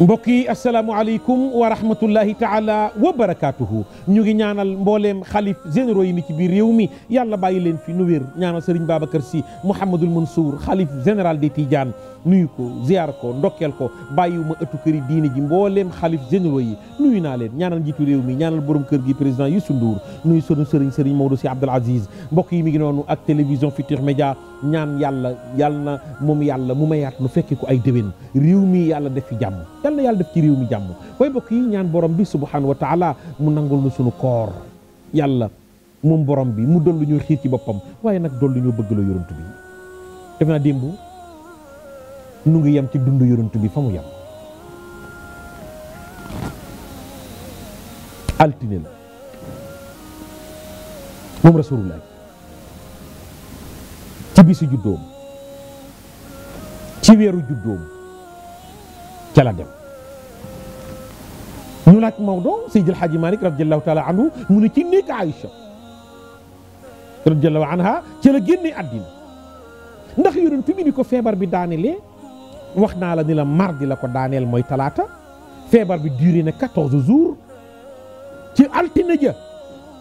mbokk yi asalaamualeykum wa rahmatullahi taala wa barakaatuhu ñu ngi ñaanal mbooleem xalif généro yi ni ci biir réew mi yàlla bàyyi leen fi nu wér ñaanal sëriñ kër si Mouhamadul Mansour xalif général des Tidiane nuyu ko ziar ko ndokkeel ko bàyyiwuma ëttu këri diine ji mbooleem xalif généraux yi nuyu naa leen ñaanal njiitu réew mi ñaanal borom kër gi président Youssou Ndour nuyu sunu sëriñ sëriñ Maodo si Abdoul Aziz mbokk yi mi ngi noonu ak télévision Futurs Médias ñaan yàlla yàlla na moom yàlla mu mayaat nu fekki ko ay déwén réew mi yàlla def fi jàmm yàlla def ci réew mi jàmm waaye mbokk yi ñaan borom bi subhanahu wa taala mu nangul nu sunu koor yàlla moom borom bi mu dollu ñu xiir ci boppam waaye nag dollu ñoo bëgg la yonent bi nu ngi yem ci dund yonent bi fa mu yem altine la moom rasulullah ci bisu juddoom ci weeru juddoom ca ñu laaj Maodo Seydil Hadji Malick radiyallahu taala anhu mu ne ci néeg Aïcha radiyallahu anha ci la génnee àddina ndax yonent bi ni ko feebar bi daanelee wax naa la ni la mardi la ko daaneel mooy talaata feebar bi duré na quatorze jours ci altine ja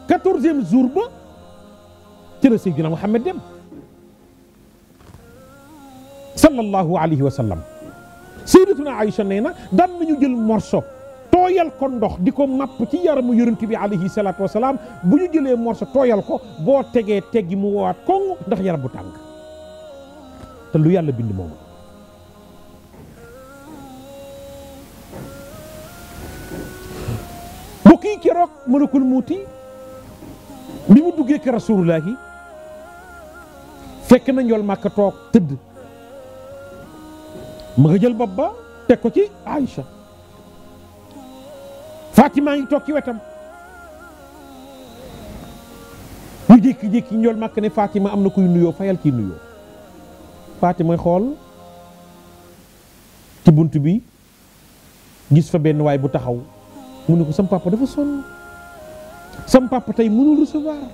quatorzième jour ba ci la Seydina Muhammad dem sallallahu alayhi wa sallam Seydatuna Aïcha nee na daan nañu jël morso tooyal ko ndox di ko màpp ci yaramu yonent bi alayhi salaatu wasalaam bu ñu jëlee morso tooyal ko boo tegee teggi mu woowaat koŋ ndax yaram bu tànk te lu yàlla bind moomu bu kii keroog mënakul muuti bi mu duggee ke rasulullahi fekk na njool màkk toog tëdd ma nga jël bopp ba teg ko ci Aïcha Fatima ngi toog ci wetam ñu jékki-jékki ñool màkk ne Fatima am na kuy nuyoo fayal kiy nuyoo Fatima xool ci bunt bi gis fa benn waay bu taxaw mu ne ko sam dafa sonn sam tey mënul recevoir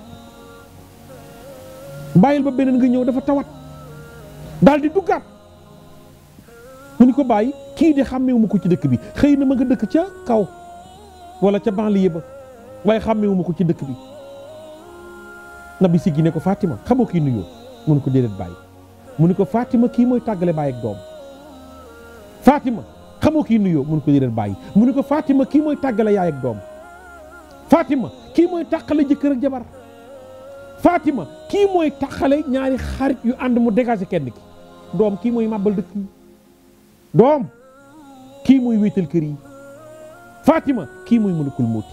bàyyil ba beneen nga ñëw dafa tawat daal di duggaat mu ne ko bàyyi kii de xàmmewu ko ci dëkk bi xëy na ma nga dëkk ca kaw wala ca banlieue ba waaye xàmmewuma ko ci dëkk bi nabi siggi ne ko Fatima xamoo kii nuyoo mu ko déedéet bàyyi mu ne ko Fatima kii mooy tàggale bàyyi ak doom Fatima xamoo kii nuyoo mu ko déedéet bàyyi mu ne ko Fatima kii mooy tàggale yaay ak doom Fatima kii mooy tàqale jëkkër ak jabar Fatima kii mooy tàqale ñaari xarit yu ànd mu dégagé kenn ki doom kii mooy màbbal dëkk yi doom kii mooy wéetal kër yi Fatima kii mooy mënukul muuti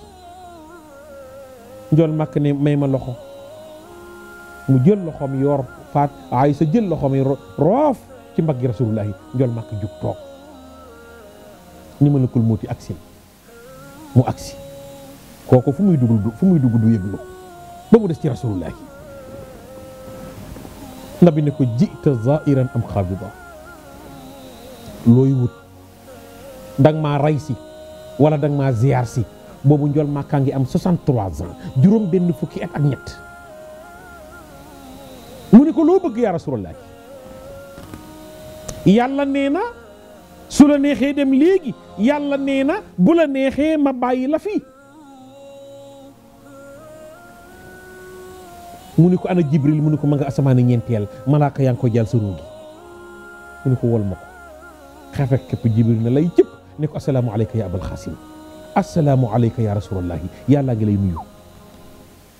njool màkk ni may ma loxo mu jël loxoom yor faat ay sa jël loxoom yi roof ci mbaggi rasulullah yi njool màkk jug toog ni mënukul muuti agsi mu agsi kooku fu muy dugg fu muy dugg du yëglu ba mu des ci rasulullah yi nabi ne ko jita zairan am xaabida looy wut danga maa rey wala da maa ziar si boobu njool màkkaa ngi am 63 ans juróom benn fukki at ak ñett mu ni ko loo bëgg yaa rasulallah yàlla nee na su la neexee dem léegi yàlla nee na bu la neexee ma bàyyi la fii mu ni ko ana jibril mu ni ko ma nga asamaan ñeenteel malaaka yaa ngi ko jàll sa ruugi mu ni ko wol ma ko xefek képp jibril na lay cëpp ne ko asalaamu aleyka ya abal xaasim asalaamu aleyka ya rasulallahi yàllaa ngi lay nuyu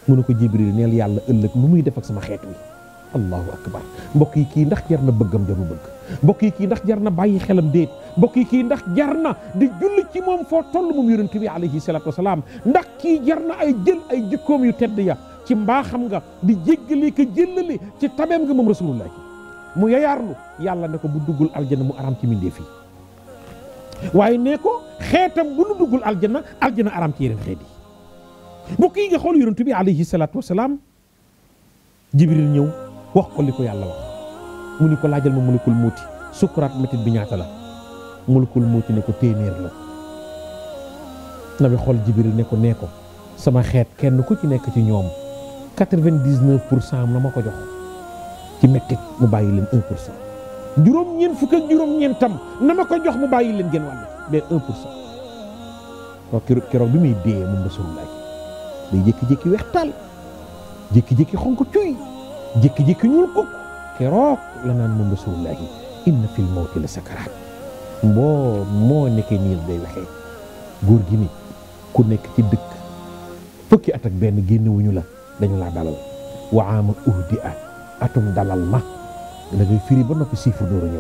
mu ne ko jibril neel yàlla ëllëg lu muy def ak sama xeet wi allahu akbar mbokk yi kii ndax jar na bëggam jaru bëgg mbokk yi kii ndax jar na bàyyi xelam déet mbokk yi kii ndax jar na di julli ci moom foo toll moom yonent bi alayhi salaatu salaam ndax kii jar na ay jël ay jikkoom yu tedd ya ci mbaaxam nga di jéggale ka jëllale ci tabeem nga moom rasulullah mu yayaarlu yàlla ne ko bu duggul aljana mu aram ci mindee fii waaye nee ko xeetam bu nu duggul aljana aljana aram ci yeneen xeet yi mbokk yi nga xool yonent bi alayhi salaatu wasalaam jibril ñëw wax ko li ko yàlla wax mu ni ko laajal ma mulukul muuti sukuraat métit bi ñaata la mulukul muuti ne ko téeméer la bi xool jibril ne ko nee ko sama xeet kenn ku ci nekk ci ñoom quatre-vingt-dix-neuf pour cent la ma ko jox ci méttit mu bàyyi leen un pour cent juróom-ñeent fukk ak juróom-ñeentam na ma ko jox mu bàyyi leen gën wàll mais un pour cent kooku keroog bi muy dee moom rasulullah day jékki-jékki weex taal jékki-jékki xonk cuy jékki-jékki ñuul kuk keroog la naan moom rasulullah inna fil mawti la sakaraat moo moo nekkee nii day waxee góor gi ni ku nekk ci dëkk fukki at ak benn génnewuñu la dañu laa dalal wa aama uhdi atum dalal ma da ngay firi ba noppi chiffre door a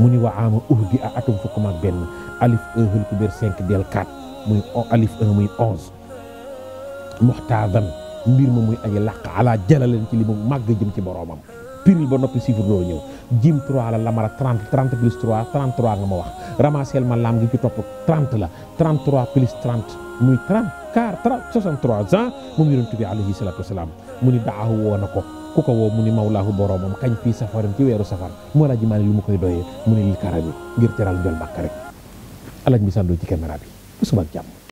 mu ni wa ama ux gi a atum fukk ak benn alif 1 hël ku béer 5 del 4 muy alif 1 muy 11 muxtaadan mbir ma muy aji làq ala mu màgg jëm ci boroomam piril ba noppi chiffre door a ñëw jim la lamar a 30 30 plus 3 33 nga ma wax ramasel ma lam gi ci topp 30 la 33 plus 30 muy 30 car 63 ans moom yonent bi alayhi salaatu wasalaam mu ni daahu woo na ko ku ko woo mu ni mawlaahu moom kañ fii safarin ci weeru safar moo alaaji maa ne lu mu koy doyee mu ni lil karami ngir teral jol bàkk rek alaaj bi sàndoo ci caméra bi bu subaak